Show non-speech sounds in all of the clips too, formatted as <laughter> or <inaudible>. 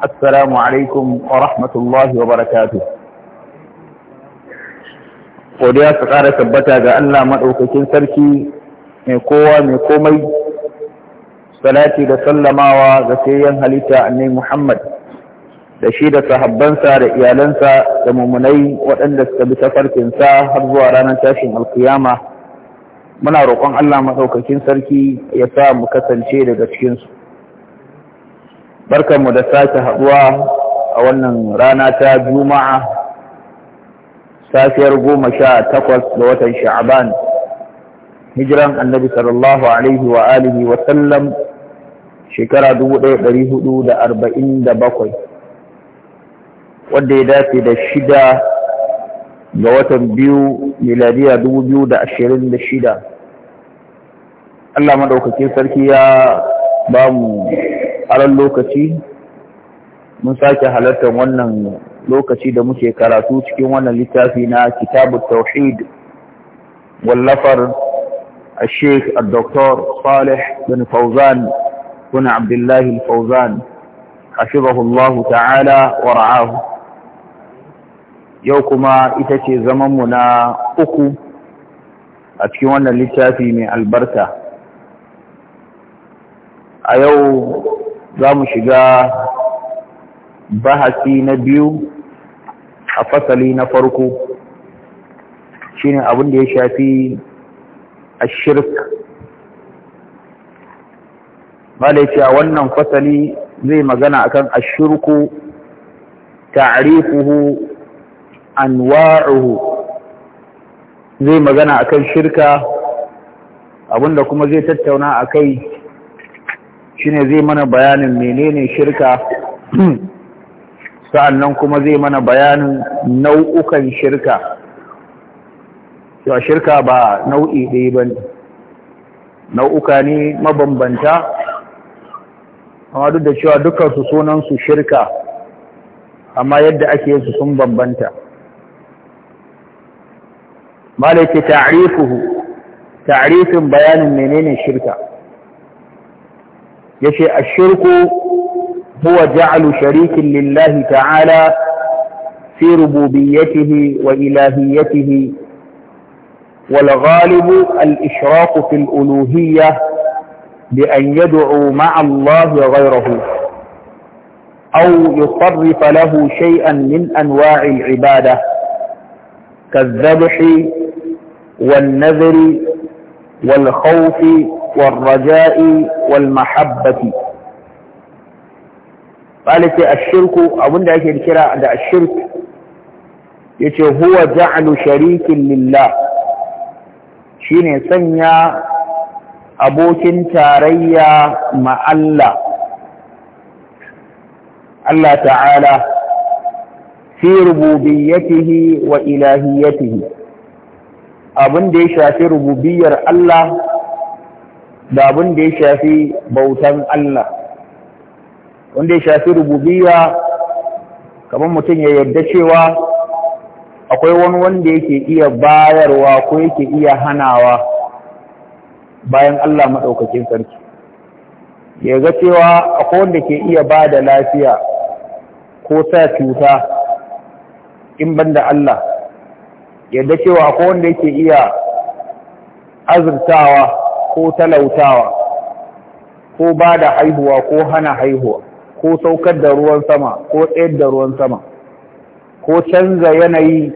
alaikum عليكم ورحمة الله وبركاته godiya su ƙara tabbata ga Allah maɗaukakin sarki mai kowa mai komai salati da sallamawa ga sayyan halitta annai Muhammad da shi da sahabbansa da iyalansa da mummunai waɗanda suka bi tafarkinsa har zuwa ranar tashin alkiyama muna roƙon Allah maɗaukakin sarki ya sa mu kasance daga cikinsu barkanmu da sake haɗuwa a wannan rana ta juma'a safiyar goma sha takwas da watan sha'aban hijiran annabi sallallahu alaihi wa alihi wa sallam shekara bakwai, wanda ya dace da shida ga watan biyu miladiya shida. Allah maɗaukakin sarki ya ba mu tsaron lokaci mun sake halartar wannan lokaci da muke karatu cikin wannan littafi na kitabu tauhid wallafar a sheik a doktor salih bin fauzan bin abdullahi fauzan a shirahullahu ta'ala wa ra'ahu yau kuma ita ce zamanmu na uku a cikin wannan littafi mai albarka a yau za mu shiga bahasi na biyu a fasali na farko shine abin da ya shafi a shirk ce a wannan fasali zai magana akan ashirku an anwa'uhu zai magana akan shirka abinda kuma zai tattauna akai shine zai mana bayanin menene shirka <clears throat> sa'annan kuma zai mana bayanin nau'ukan shirka cewa shirka ba nau'i ɗaya ba ne nau'uka ne mabambanta amma duk da cewa dukansu sunansu shirka amma yadda ake su sun bambanta malaike ta'rifuhu ta'rifin bayanin menene shirka يشيء الشرك هو جعل شريك لله تعالى في ربوبيته وإلهيته والغالب الإشراق في الألوهية بأن يدعو مع الله غيره أو يصرف له شيئا من أنواع العبادة كالذبح والنذر والخوف والرجاء والمحبة قالت الشرك أبن دعيك الكراء دع الشرك يتي هو جعل شريك لله شين سنيا أبوك تاريا مع الله الله تعالى في ربوبيته وإلهيته abin da ya shafi rububiyar Allah da abin da ya shafi bautan Allah wanda ya shafi rububiya, kamar mutum ya yarda cewa akwai wani wanda yake iya bayarwa ko yake iya hanawa bayan Allah maɗaukakin sarki ya ga cewa akwai wanda ke iya ba da lafiya ko sa cuta in banda Allah yadda cewa akwai wanda yake iya azurtawa ko talautawa ko ba da haihuwa ko hana haihuwa ko saukar da ruwan sama ko tsayar da ruwan sama ko canza yanayi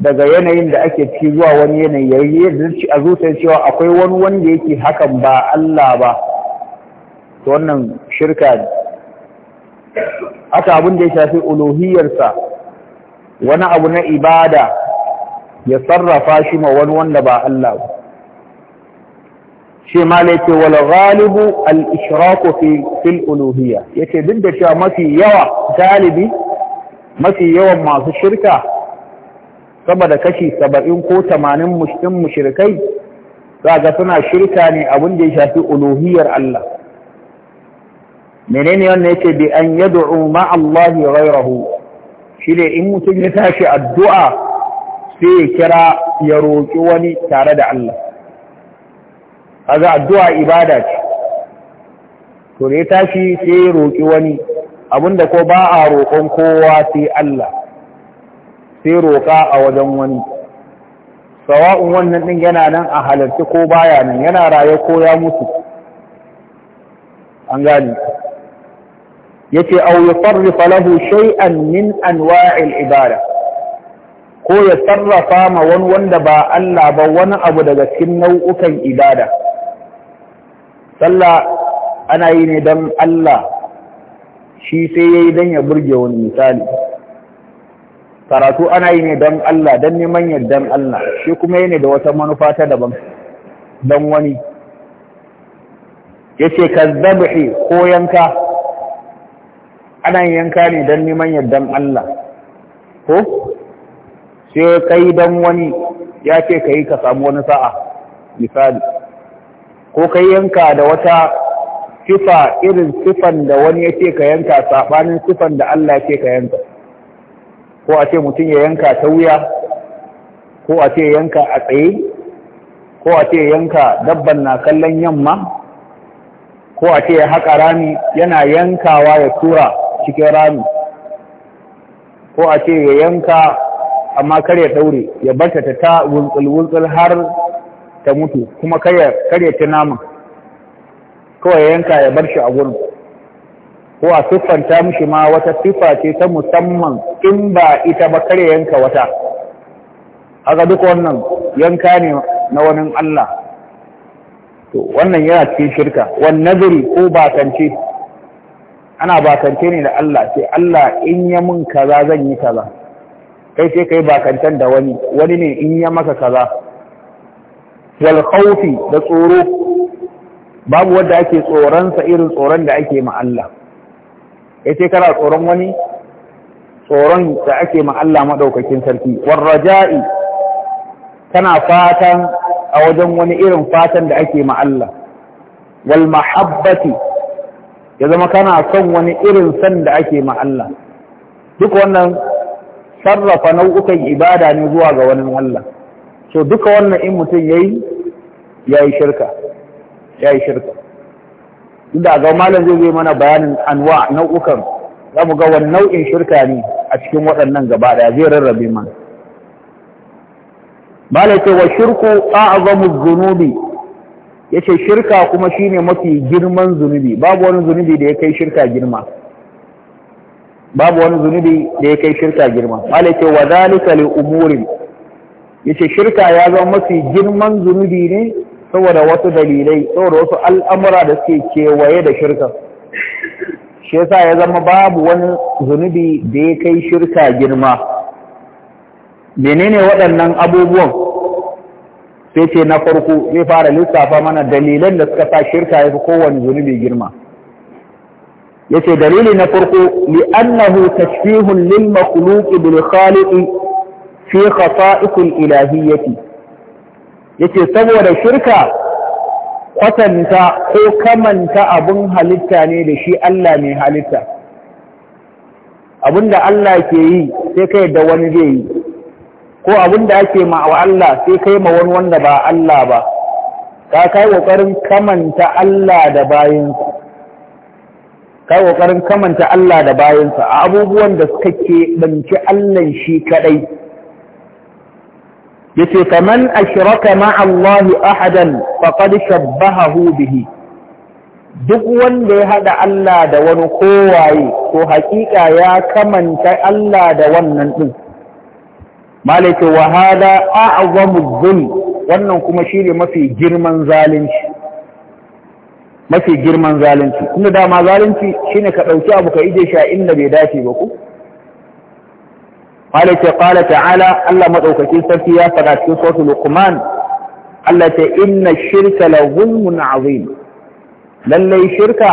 daga yanayin da ake ciki zuwa wani yanayi yayi yadda a zuciyar cewa akwai wani wanda yake hakan ba Allah ba to wannan shirka ne haka abin da ya shafi uluhiyarsa wani abu na ibada ya sarrafa shi ma wani wanda ba Allah ba shi ma ce wal ghalibu al ishraku fi fil uluhiyya yace duk da cewa mafi yawa galibi mafi yawan masu shirka saboda kashi saba'in ko tamanin mushrikin mushrikai ga suna shirka ne abin da ya shafi uluhiyar Allah menene wannan yace bi an yad'u ma Allah ghayrahu shine in mutum ya tashi addu'a sai ya kira ya roki wani tare da Allah kaga addu'a ibada ce to ne tashi sai ya roƙi wani abinda ko ba a roƙon kowa sai Allah sai roƙa a wajen wani sawa'un wannan din yana nan a halarci ko baya nan yana raye ko ya mutu an gani yace aw yusarrifa lahu shay'an min anwa'il ibada ko ya sarrafa ma wani wanda ba Allah ba wani abu daga cikin nau'ukan ibada sallah ana yi ne don Allah shi sai ya yi don ya burge wani misali karatu ana yi ne don Allah don neman yardan Allah shi kuma yi ne da wata manufa ta daban don wani ya ce ka zabihi ko yanka ana yanka ne don neman yardan Allah ko sai kai don wani ya ce ka yi ka samu wani sa'a misali ko kai yanka da wata sifa irin sifan da wani ya ce ka yanka saɓanin sifan da Allah ce ka yanka ko a ce mutum ya yanka ta wuya ko a ce yanka a tsaye ko a ce yanka dabban na kallon yamma ko a ce ya haƙa rami yana yankawa ya tura cikin rami ko a ce ya yanka amma kar ya ɗaure ya bata ta wulƙul-wulƙul har ta mutu kuma kare ta naman kawai yanka ya bar shi a wurin ko a siffanta mishi ma wata siffa ce ta musamman in ba ita ba kare yanka wata haka duk wannan yanka ne na wani Allah to wannan yana cikin shirka wan nazari ko bakance ana bakance ne da Allah ce Allah in ya mun kaza zan yi kaza kai sai kai bakantan da wani wani ne in ya maka kaza wal khawfi da tsoro babu wanda ake tsoron sa irin tsoron da ake ma Allah yace kana tsoron wani tsoron da ake ma Allah madaukakin sarki war raja'i kana fatan a wajen wani irin fatan da ake ma Allah wal mahabbati ya zama kana son wani irin san da ake ma Allah duk wannan sarrafa nau'ukan ibada ne zuwa ga wani Allah to duka wannan in mutum yayi yayi shirka yayi shirka inda ga malam zai yi mana bayanin anwa nau'ukan za mu ga wani nau'in shirka ne a cikin waɗannan gaba da zai rarrabe mana malai ce wa shirku a'zamu dhunubi yace shirka kuma shine mafi girman zunubi babu wani zunubi da ya kai shirka girma babu wani zunubi da ya kai shirka girma malai ce wa zalika li umurin yace shirka ya zama mafi girman zunubi ne saboda wasu dalilai saboda wasu al'amura da suke kewaye da shirka shi yasa ya zama babu wani zunubi da ya kai shirka girma menene waɗannan abubuwan sai ce na farko zai fara lissafa mana dalilan da suka sa shirka ya fi kowane zunubi girma yace dalili na farko li'annahu tashbihun lil makhluqi bil khaliqi fi khasa'ikul ilahiyyati yace saboda shirka kwatanta ko kamanta abun halitta ne da shi Allah mai halitta abinda Allah ke yi sai kai da wani zai yi ko abinda ake ma wa Allah sai kai ma wani wanda ba Allah ba ka kai kokarin kamanta Allah da bayinsa kai kokarin kamanta Allah da bayinsa a abubuwan da suka ke Allah shi kadai yace kaman ashraka ma'a Allah ahadan faqad shabbahahu bihi duk wanda ya haɗa Allah da wani kowaye ko haƙiƙa ya kamanta Allah da wannan din malaka wa hada a'zamu dhulm wannan kuma shine mafi girman zalunci mafi girman zalunci kuma dama zalunci shine ka ɗauki abu ka ije shi a inda bai dace ba ku Malik ya ƙwala ta'ala Allah maɗaukakin sarki ya faɗa cikin sautu Luqman Allah ta inna shirka la zulmun azim lallai shirka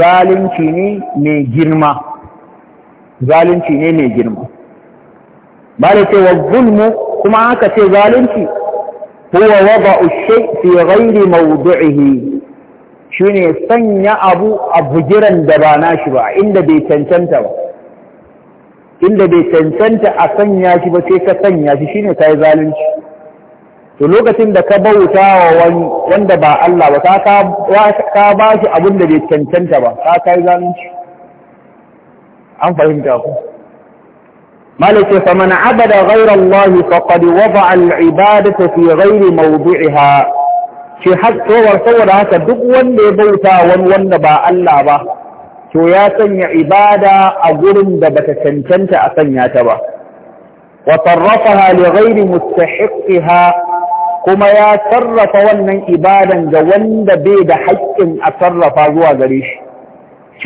zalunci ne mai girma zalunci ne mai girma Malik ya wa zulmu kuma aka ce zalunci huwa wada'u shay fi ghairi mawdi'ihi shine sanya abu a bugiran da ba nashi ba inda bai cancanta ba inda bai cancanta a sanya shi ba sai ka sanya shi shine ka yi zalunci to lokacin da ka bauta wa wani wanda ba Allah ba ka ba shi abin da bai cancanta ba ka kai zalunci an fahimta ku malaka fa man abada ghayra Allah faqad wada'a al-ibadata fi ghayri mawdi'iha shi har saboda haka duk wanda ya bauta wani wanda ba Allah ba to ya sanya ibada a gurin da bata cancanta a sanya ta ba wa sarrafaha li ghairi kuma ya sarrafa wannan ibadan ga wanda bai da haƙƙin a sarrafa zuwa gare shi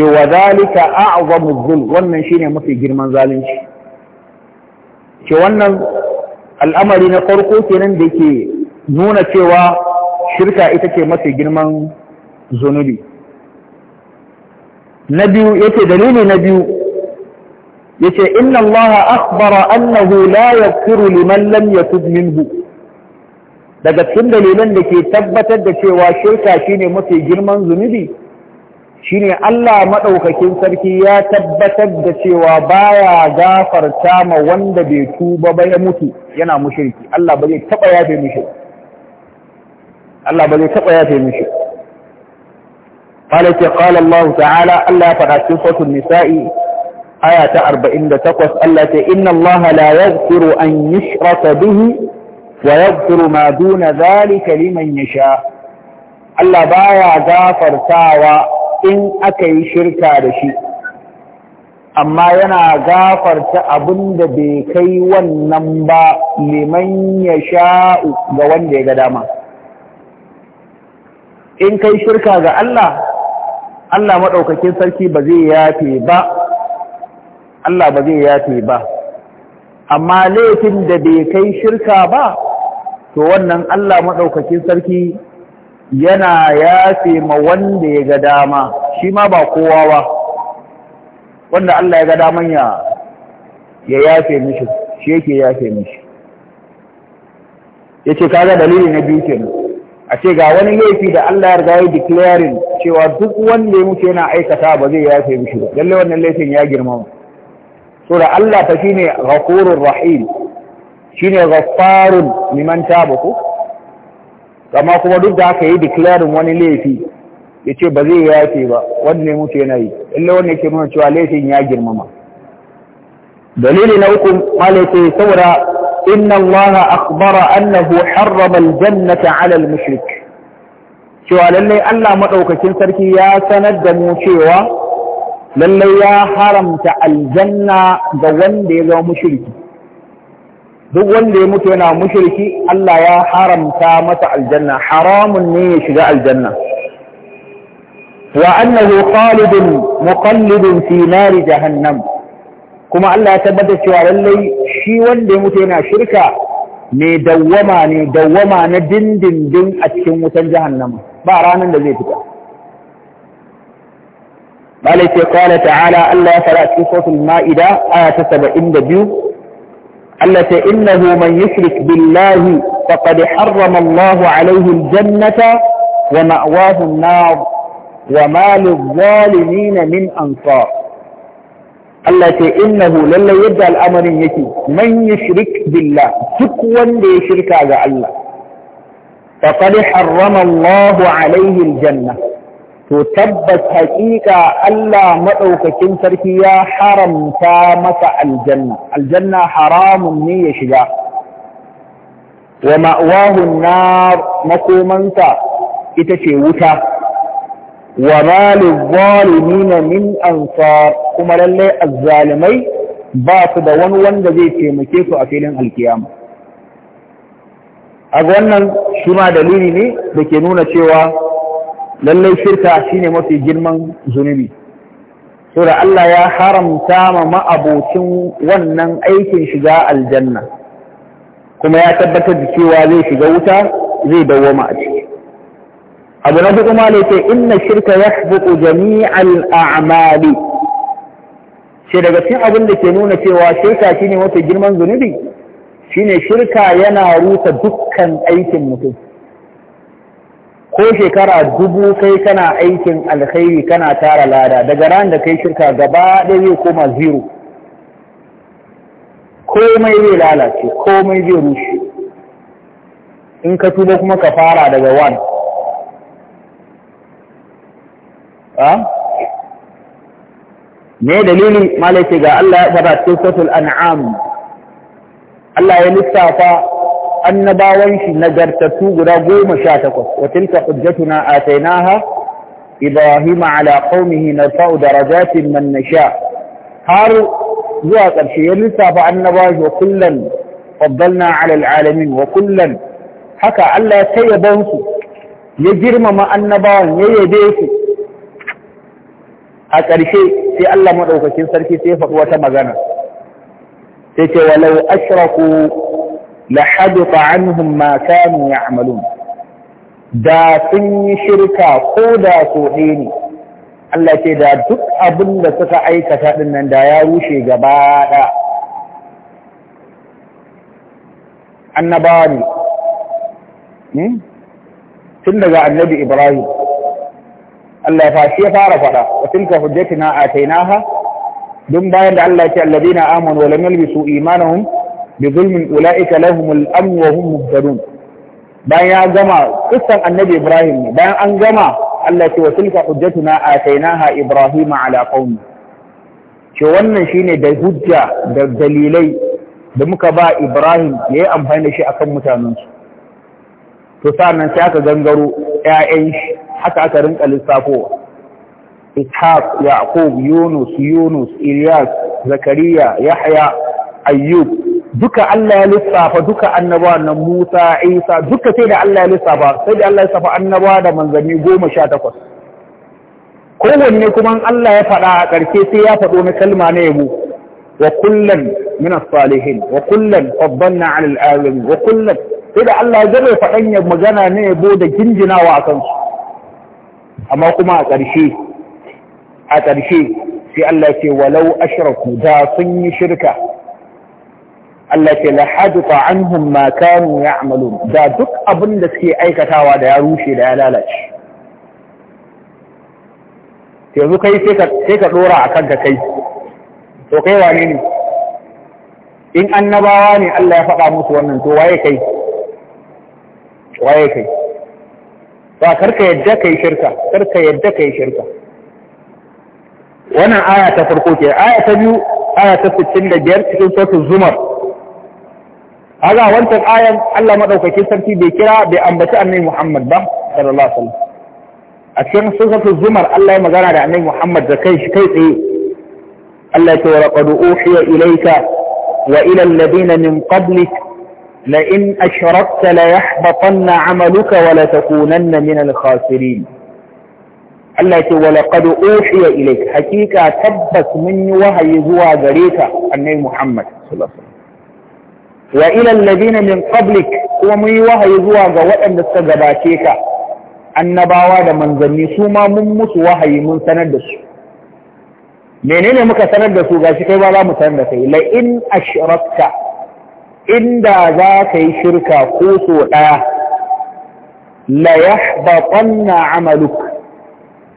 cewa zalika a'zamu dhul wannan shine mafi girman zalunci ce wannan al'amari na farko kenan da ke nuna cewa shirka ita ce mafi girman zunubi na biyu yace dalili na biyu yace inna Allaha akhbara annahu la yaghfiru liman lam yatub minhu daga cikin dalilan da ke tabbatar da cewa shirka shine mafi girman zunubi shine Allah madaukakin sarki ya tabbatar da cewa baya gafarta ma wanda bai tuba ba ya mutu yana mushriki Allah ba zai taba yafe mishi Allah ba zai taba yafe mishi Kala ce, Kala Allah ta'ala, Allah ya faɗa cin sautun nisa’i, aya ta arba’in da takwas, Allah ce, Inna Allah la ya zuru an yi shirata duhu, wa ya zuru ma duna zali kaliman ya sha. Allah baya gafartawa in aka yi shirka da shi, amma yana gafarta abin da bai kai wannan ba liman ya sha’u ga wanda ya ga dama. In kai shirka ga Allah, Allah maɗaukakin sarki ba zai yafe ba, Allah ba zai yafe ba, amma laifin da bai kai shirka ba, to wannan Allah maɗaukakin sarki yana yafe ma wanda ya ga dama, shi ma ba kowa ba, wanda Allah ya ga daman ya yafe mishi, shi yake yafe mishi. Ya ce, kaga dalili na biyu a ce ga wani laifi da Allah ya riga ya declaring cewa duk wanda ya mutu yana aikata ba zai yafe mishi ba lalle wannan laifin ya girmama so da Allah ta shine ghafurur rahim shine ghaffarun liman taba ko kama kuma duk da aka yi declaring wani laifi ya ce ba zai yafe ba wanda ya mutu yana yi lalle wannan yake nuna cewa laifin ya girmama dalili na uku malai saboda إن الله أخبر أنه حرم الجنة على المشرك cewa lallai Allah maɗaukakin sarki ya sanar da mu cewa lallai ya haramta aljanna ga wanda ya zama mushriki duk wanda ya mutu yana mushriki Allah ya haramta masa aljanna haramun ne ya shiga aljanna wa annahu khalidun muqallidun fi nari jahannam kuma Allah ya tabbata cewa lallai shi wanda ya mutu yana shirka mai dawwama ne dawwama na dindindin a cikin wutan jahannama ba ranar da zai fita. Malik ce kwana ta'ala Allah ya fara cikin sautin ma'ida man yi billahi ta kwade harrama jannata wa na wa malin na min ansa. Allah ce innahu lallai yadda al'amarin yake man yushrik billah duk wanda ya shirka ga Allah faqad harrama Allahu Alayhi aljanna to tabbas haƙiƙa Allah madaukakin sarki ya haramta masa aljanna aljanna haramun ne ya shiga wa ma'wahu nar makomansa ita ce wuta wa malin zalimina min ansar kuma lalle azzalimai ba su da wani wanda zai taimake su a filin alkiyama a wannan shi ma dalili ne da ke nuna cewa lallai shirka shine mafi girman zunubi da Allah ya haramta ma ma'abocin wannan aikin shiga aljanna kuma ya tabbatar da cewa zai shiga wuta zai dawoma a ciki abu na duk ne ce inna shirka buku jami'al a'mali shi daga cikin abin da ke nuna cewa shirka shine wata girman zunubi shine shirka yana rusa dukkan aikin mutum ko shekara dubu kai kana aikin alkhairi kana tara lada daga ran da kai shirka gaba ɗaya zai koma zero komai zai lalace komai zai rushe in ka tuba kuma ka fara daga one me dalilin malaki ga Allah ya fara cikin suratul an'am Allah ya lissafa annabawan shi nagartattu guda goma sha takwas wa tilka hujjatuna atainaha ibrahima na qaumihi narfa'u darajatin man sha. har zuwa ƙarshe ya lissafa annabawa wa kullan faddalna ala alalamin wa kullan haka Allah ya tayyaba su ya girmama annabawan ya yabe su a ƙarshe sai Allah maɗaukakin sarki sai faɗi wata magana sai ce walau ashraku la hadita anhum ma kanu ya'malun da sun yi shirka ko da so ne Allah ce da duk abin da suka aikata din nan da ya rushe gaba da annabawa ne hmm? tun daga annabi Ibrahim Allah ya fashi ya fara faɗa wa na a tainaha don bayan da Allah ya ce alladina amanu wa lam yalbisu imanahum bi zulmin ulaika lahumul amn bayan ya gama kusan annabi Ibrahim ne bayan an gama Allah ya ce wa na a tainaha Ibrahim ala qaumi ce wannan ne da hujja da dalilai da muka ba Ibrahim yi amfani da shi akan mutanensu to nan sai aka gangaro 'ya'yan shi haka aka rinka lissafowa ishaq yaqub yunus yunus ilyas zakariya yahya ayyub duka Allah ya lissafa duka annabawa na Musa Isa duka sai da Allah ya lissafa sai da Allah ya lissafa annabawa da manzanni takwas. kowanne kuma Allah ya faɗa a ƙarshe sai ya faɗo na kalma na yabo wa kullan min as-salihin wa kullan faddalna 'ala al-alamin wa sai da Allah ya gane faɗan magana na yabo da jinjinawa a kansu amma kuma a ƙarshe a ƙarshe sai Allah ce walau ashraku da sun yi shirka Allah ce la hadita anhum ma kanu ya'malun da duk abin da suke aikatawa da ya rushe da ya lalace yanzu kai sai ka dora a kanka kai to kai wane ne in annabawa ne Allah ya faɗa musu wannan to waye kai waye kai ba karka yadda ka yi shirka karka yadda ka yi shirka wannan aya ta farko ke aya ta biyu aya ta 65 cikin sautin zumar haga wancan ayan Allah maɗaukakin sarki bai kira bai ambaci annabi Muhammad ba sallallahu alaihi wasallam a cikin sautin zumar Allah ya magana da annabi Muhammad da kai shi kai tsaye Allah ya ce wa laqad uhiya ilayka wa ila alladhina min qablik لئن أشركت ليحبطن عملك ولتكونن من الخاسرين التي ولقد أوحي إليك حقيقة تبت مني وهي زوى غريكا أني محمد صلى الله عليه وسلم وإلى الذين من قبلك ومي وهي زوى غوأن لستقباتيكا annabawa da manzanni su ma mun musu من mun sanar da su menene muka sanar da su gashi inda za ka yi shirka ko so ɗaya la yahbatanna amaluk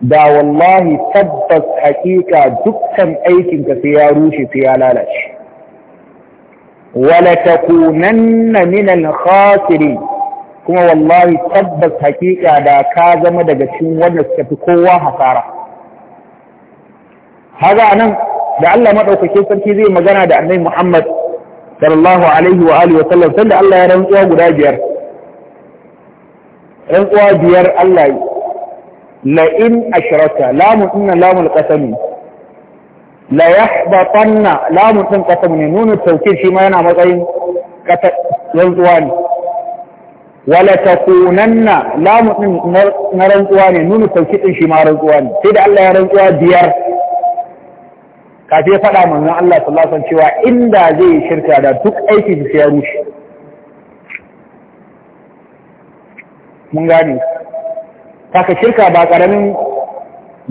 da wallahi tabbas hakika dukkan aikinka sai ya rushe sai ya lalace wala takunanna min al kuma wallahi tabbas hakika da ka zama daga cikin wanda suka fi kowa hasara haga nan da Allah madaukake sarki zai magana da Annabi Muhammad sallallahu alaihi wa alihi wa sallam sanda Allah ya rantsuwa guda biyar rantsuwa biyar Allah yi la in ashraka lamun inna lamul qasami la yahbatanna lamun din qasami ne nunu tawkid shi ma yana matsayin rantsuwa ne wala takunanna lamun din na rantsuwa ne nunu tawkid shi ma rantsuwa ne sai da Allah ya rantsuwa biyar kafi ya faɗa manzon Allah sallallahu alaihi wasallam cewa inda zai shirka da duk aiki da ya rushe mun gane kaka shirka ba karamin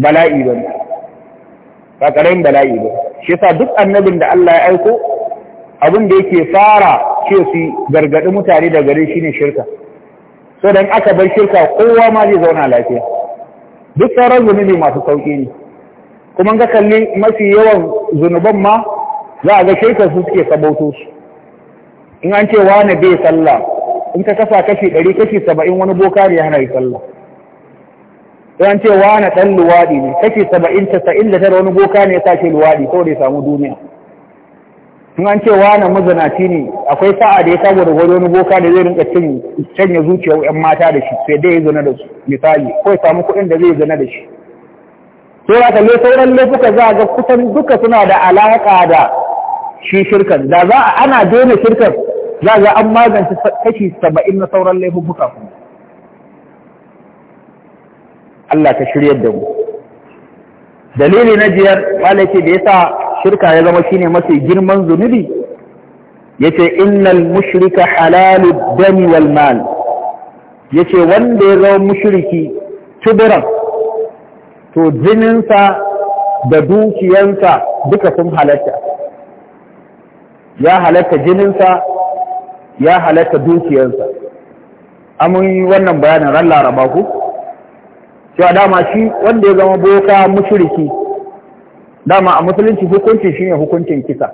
bala'i ba ba karamin bala'i ba shi yasa duk annabin da Allah ya aiko abin da yake fara ce su gargadi mutane da gare shine shirka so dan aka bar shirka kowa ma zai zauna lafiya duk sauran zunubi masu sauki ne kuma ga kalli mafi yawan zunuban ma za a ga shekar su suke sabauto su in an ce ne bai sallah in ka kasa kashi ɗari kashi saba'in wani boka ne hana yi sallah in an ce wani ɗan luwaɗi ne kashi saba'in tasa'in da tara wani boka ne ya sake luwaɗi kawai da ya samu duniya in an ce wani mazanaci ne akwai sa'a da ya samu da wani boka da zai rinka cin canya zuciyar 'yan mata da shi sai dai ya zana da su misali kawai samu kuɗin da zai zana da shi sai haka sauran laifuka za ga kusan duka suna da alaƙa da shi shirkan da za a ana daina shirkan za ga an magance kashi saba'in na sauran laifuka kuma Allah ta shirya da mu dalili na jiyar wala ce da yasa shirka ya zama shine mafi girman zunubi yace innal mushrika halalud dami wal mal yace wanda ya zama mushriki tuburan to jininsa da dukiyansa duka sun halatta ya halatta jininsa ya halatta dukiyansa amun yi wannan bayanin ran laraba ku cewa dama shi wanda ya zama boka musiriki. dama a musulunci hukunci shine hukuncin kisa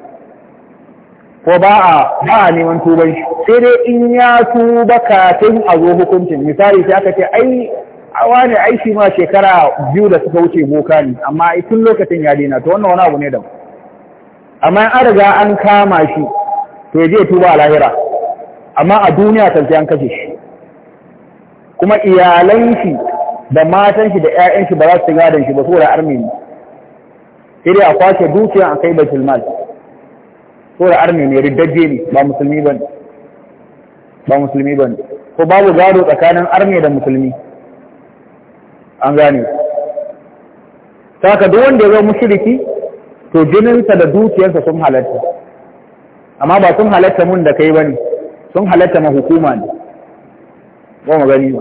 ko ba a ba neman tuban shi sai dai in ya tuba kafin a zo hukuncin misali sai aka ce ai awa ne yi shi ma shekara biyu da suka wuce boka ne amma tun lokacin ya daina to wannan wani abu ne da mu. amma an riga an kama shi to ya je tuba a lahira amma a duniya kan an kashe shi kuma iyalan shi da matan shi da ƴaƴan shi ba za su gadon shi ba saboda arme ne iri a kwace dukiyar a kai baitul mal saboda arme ne riddaje ne ba musulmi ne, ba musulmi ne. ko babu gado tsakanin arme da musulmi an gane ka duk wanda ya zama mushiriki to jininsa da dukiyarsa sun halatta amma ba sun halatta mun da kai bane sun halatta ma hukuma ne ba mu gani ba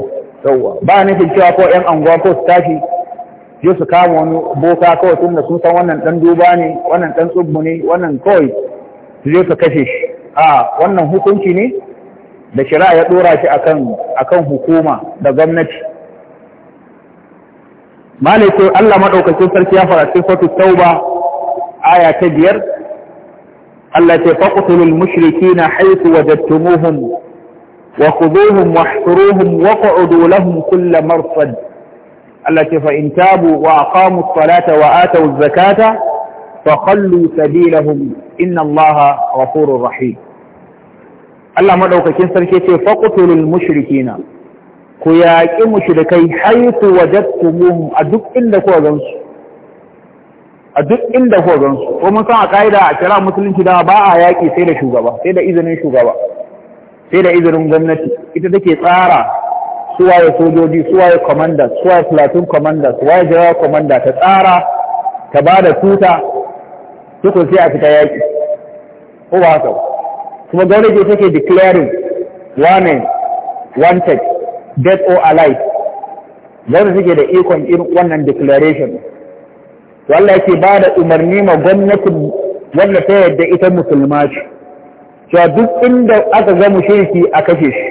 yawwa ba nufin cewa ko yan anguwa ko su tashi je su kama wani boka kawai tun da sun san wannan dan duba ne wannan dan tsubbu ne wannan kawai su je su kashe shi a wannan hukunci ne da shari'a ya dora shi akan akan hukuma da gwamnati malai ko Allah madaukakin sarki ya fara cikin suratul tauba aya ta biyar Allah ta faqtulul mushrikeena haythu wajadtumuhum wa khuduhum wahsuruhum waq'udu lahum kull marsad Allah ta fa in tabu wa aqamu as-salata wa atu az-zakata faqallu sabilahum inna Allah ghafurur rahim Allah madaukakin sarki ce faqtulul mushrikeena ku yaƙi mushrikai haitu wajadtumuhum a duk inda kuwa gansu a duk inda kuwa gansu ko mun san a kaida a kira musulunci da ba a yaƙi sai da shugaba sai da izinin shugaba sai da izinin gwamnati ita take tsara suwaye sojoji suwaye commander suwaye platoon commander suwaye jawa commander ta tsara ta ba da tuta duk sai a fita yaƙi ko ba haka kuma gwamnati take declaring warning wanted dead or alive zan suke da ikon irin wannan declaration wanda ba da umarni ma gwamnatin wanda ta yadda ita musulma ce cewa duk inda aka ga mushriki a kashe shi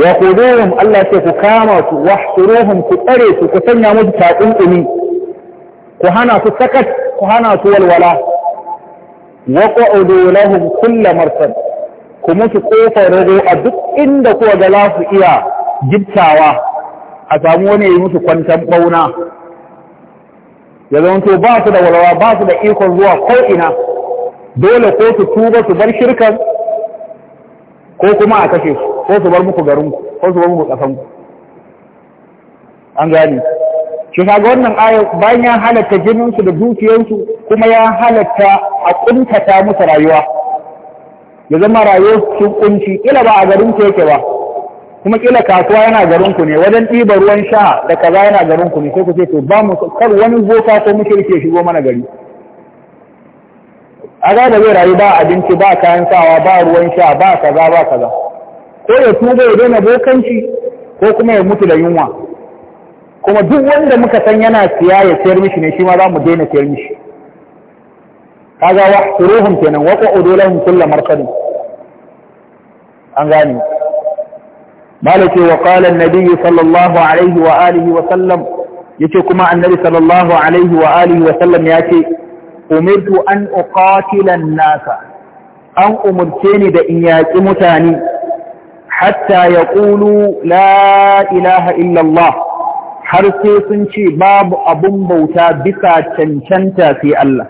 wa kudurum Allah ce ku kama su wahsuruhum ku tsare su ku sanya musu takunkumi ku hana su sakat ku hana su walwala wa qudu lahum kullu marsad ku musu kofar rago a duk inda kuwa ga za su iya gibtawa a samu wani yi musu kwantan bauna ya zanto ba su da walawa ba su da ikon zuwa ko'ina dole ko su tuba su bar shirkan ko kuma a kashe su ko su bar muku garinku ko su bar muku ƙasanku an gani shi ga wannan ayar bayan ya halatta jininsu da dukiyarsu kuma ya halatta a ƙuntata musu rayuwa ya zama rayuwar su kunci kila ba a garin ku yake ba kuma kila kasuwa yana garin ku ne wajen ɗiba ruwan sha da kaza yana garin ku ne sai ku ce to ba mu kar wani boka ko rike shigo mana gari a ga da zai rayu ba abinci ba kayan sawa ba ruwan sha ba kaza ba kaza ko ya tuba zai daina bokanci ko kuma ya mutu da yunwa kuma duk wanda muka san yana siya ya siyar mishi ne shi ma za mu daina siyar mishi kaga wa suruhum kenan wa qu'udu lahum kullu marqadin an gane Nabiyyu wa qala sallallahu alaihi wa alihi wa sallam yace kuma annabi sallallahu alaihi wa alihi wa sallam yace umirtu an uqatila an-nasa an umurce ni da in yaki mutane hatta yaqulu la ilaha illa Allah har sai sun ce babu abun bauta bisa cancanta sai Allah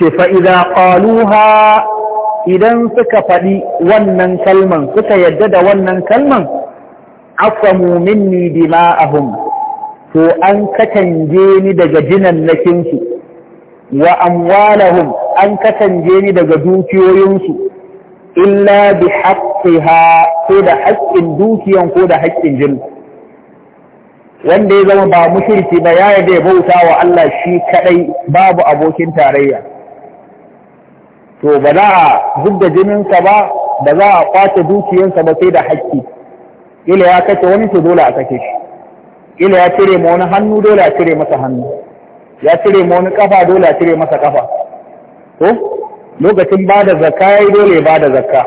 ce fa idza qaluha idan suka faɗi wannan kalman suka yadda da wannan kalman afamu minni dima'ahum to an katange ni daga jinannakinsu wa amwalahum an katange ni daga dukiyoyinsu illa bi haqqiha ko da haƙƙin dukiyan ko da haƙƙin jin wanda ya zama ba mushirki ba ya da ya bauta wa Allah shi kadai babu abokin tarayya to ba za a zubda jininsa ba ba za a kwace dukiyarsa ba sai da haƙƙi ila ya kace wani to dole a kashe shi ila ya cire ma wani hannu dole a cire masa hannu ya cire ma wani kafa dole a cire masa kafa to lokacin ba da zakka yi dole ba da zakka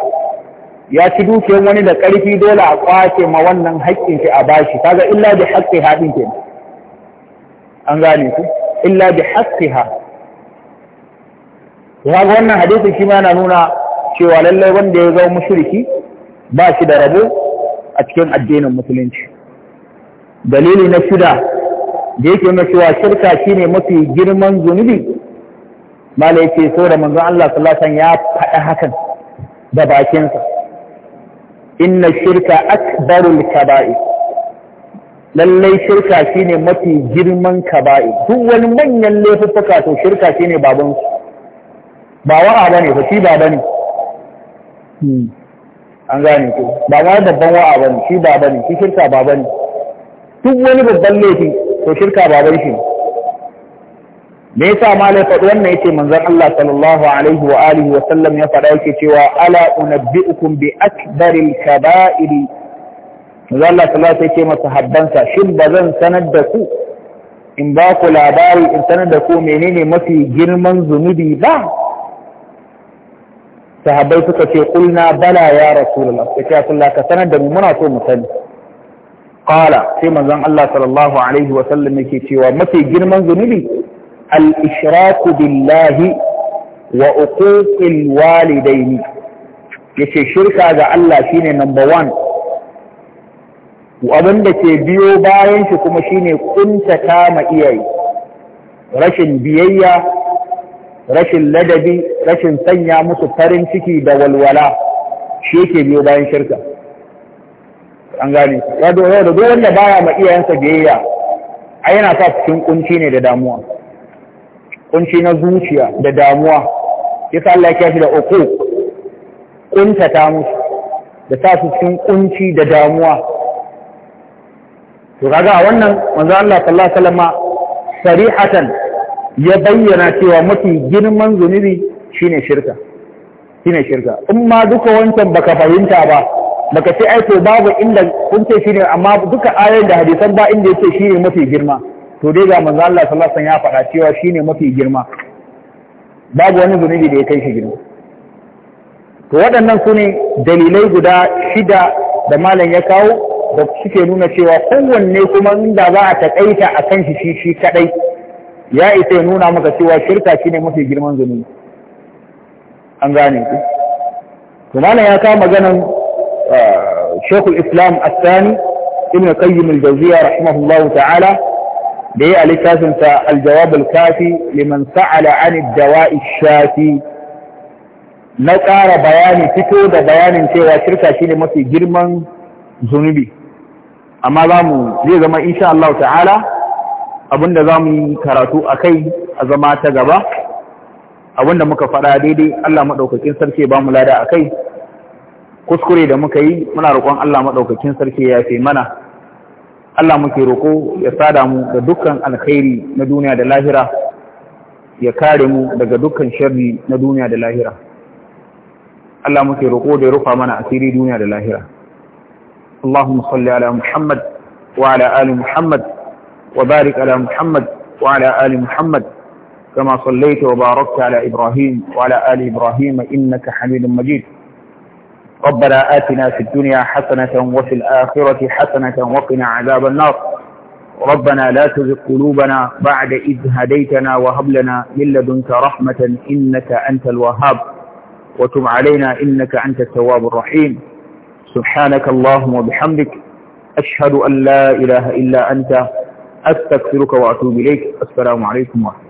ya ci dukiyar wani da ƙarfi dole a kwace ma wannan haƙƙin shi a bashi kaga illa bi haƙƙi hadin kenan an gane ku illa bi haqqiha ya ga wannan hadisi shi ma yana nuna cewa lallai wanda ya zama mushriki ba shi da rabo a cikin addinin musulunci dalili na shida da yake nuna cewa shirka shine mafi girman zunubi mala yake so da manzon Allah sallallahu alaihi ya faɗa hakan da bakinsa inna shirka akbarul kaba'i lallai shirka shine mafi girman kaba'i duk wani manyan laifuffuka to shirka shine babansu ba wa'a bane ba shi ba bane hmm. an gane ko ba ma babban wa'a bane shi ba bane shi shirka ba ne, duk wani babban laifi to shirka ba bane shi me yasa malai faɗi wannan yace manzon Allah sallallahu alaihi wa alihi wa sallam ya faɗa yake cewa ala unabbiukum bi akbaril kaba'iri manzon Allah sallallahu alaihi yake masa habbansa shin ba zan sanar da ku in ba ku labari in sanar da ku menene mafi girman zunubi ba sahabbai suka ce kulna bala ya rasulullah ya ce Allah ka sanar da mu muna so mu sani qala sai manzon Allah sallallahu alaihi wa sallam yake cewa mafi girman zunubi al ishraku billahi wa uquqil walidaini yace shirka ga Allah shine number one abin da ke biyo bayan shi kuma shine kunta ma iyaye rashin biyayya rashin ladabi rashin sanya musu farin ciki da walwala shi yake biyo bayan shirka an gane ya dole da duk wanda baya ma iyayensa biyayya a yana sa cikin kunci ne da damuwa kunci na zuciya da damuwa sa Allah ya kashi da uku ta musu da sa su cikin kunci da damuwa to kaga wannan manzo Allah sallallahu alaihi wasallam sarihatan ya bayyana cewa mafi girman zunubi shine shirka shine shirka in ma duka wancan baka fahimta ba baka ce ai to babu inda kun ce shine amma duka ayoyin da hadisan ba inda yake shine mafi girma to dai ga manzo Allah sallallahu alaihi wasallam ya faɗa cewa shine mafi girma babu wani zunubi da ya kai shi girma to waɗannan su ne dalilai guda shida da malam ya kawo da suke nuna cewa kowanne kuma inda za a taƙaita a kan shi shi kaɗai ya isa ya nuna maka cewa shirka shine mafi girman zunubi an gane ku kuma malam ya kawo maganan ah, shekul islam asani ibn qayyim al-jawziya rahimahullahu ta'ala da ya littafin sa al-jawab al-kafi liman sa'ala an ad-dawa'i shafi na ƙara bayani fito da bayanin cewa shirka shine mafi girman zunubi amma za mu zai zama insha Allah ta'ala abinda za mu yi karatu a kai a zama ta gaba abinda muka faɗa daidai Allah maɗaukakin sarki ba mu lada a kai kuskure da muka yi muna roƙon Allah maɗaukakin sarki ya fi mana Allah muke roƙo ya sada mu da dukkan alkhairi na duniya da lahira ya kare mu daga dukkan sharri na duniya da lahira Allah muke roƙo da ya rufa mana asiri duniya da lahira اللهم صل على محمد وعلى آل Muhammad. وبارك على محمد وعلى آل محمد كما صليت وباركت على إبراهيم وعلى آل إبراهيم إنك حميد مجيد ربنا آتنا في الدنيا حسنة وفي الآخرة حسنة وقنا عذاب النار ربنا لا تزغ قلوبنا بعد إذ هديتنا وهب لنا من لدنك رحمة إنك أنت الوهاب وتب علينا إنك أنت التواب الرحيم سبحانك اللهم وبحمدك أشهد أن لا إله إلا أنت as astaghfiruka wa atubu ilaik assalamu alaikum wa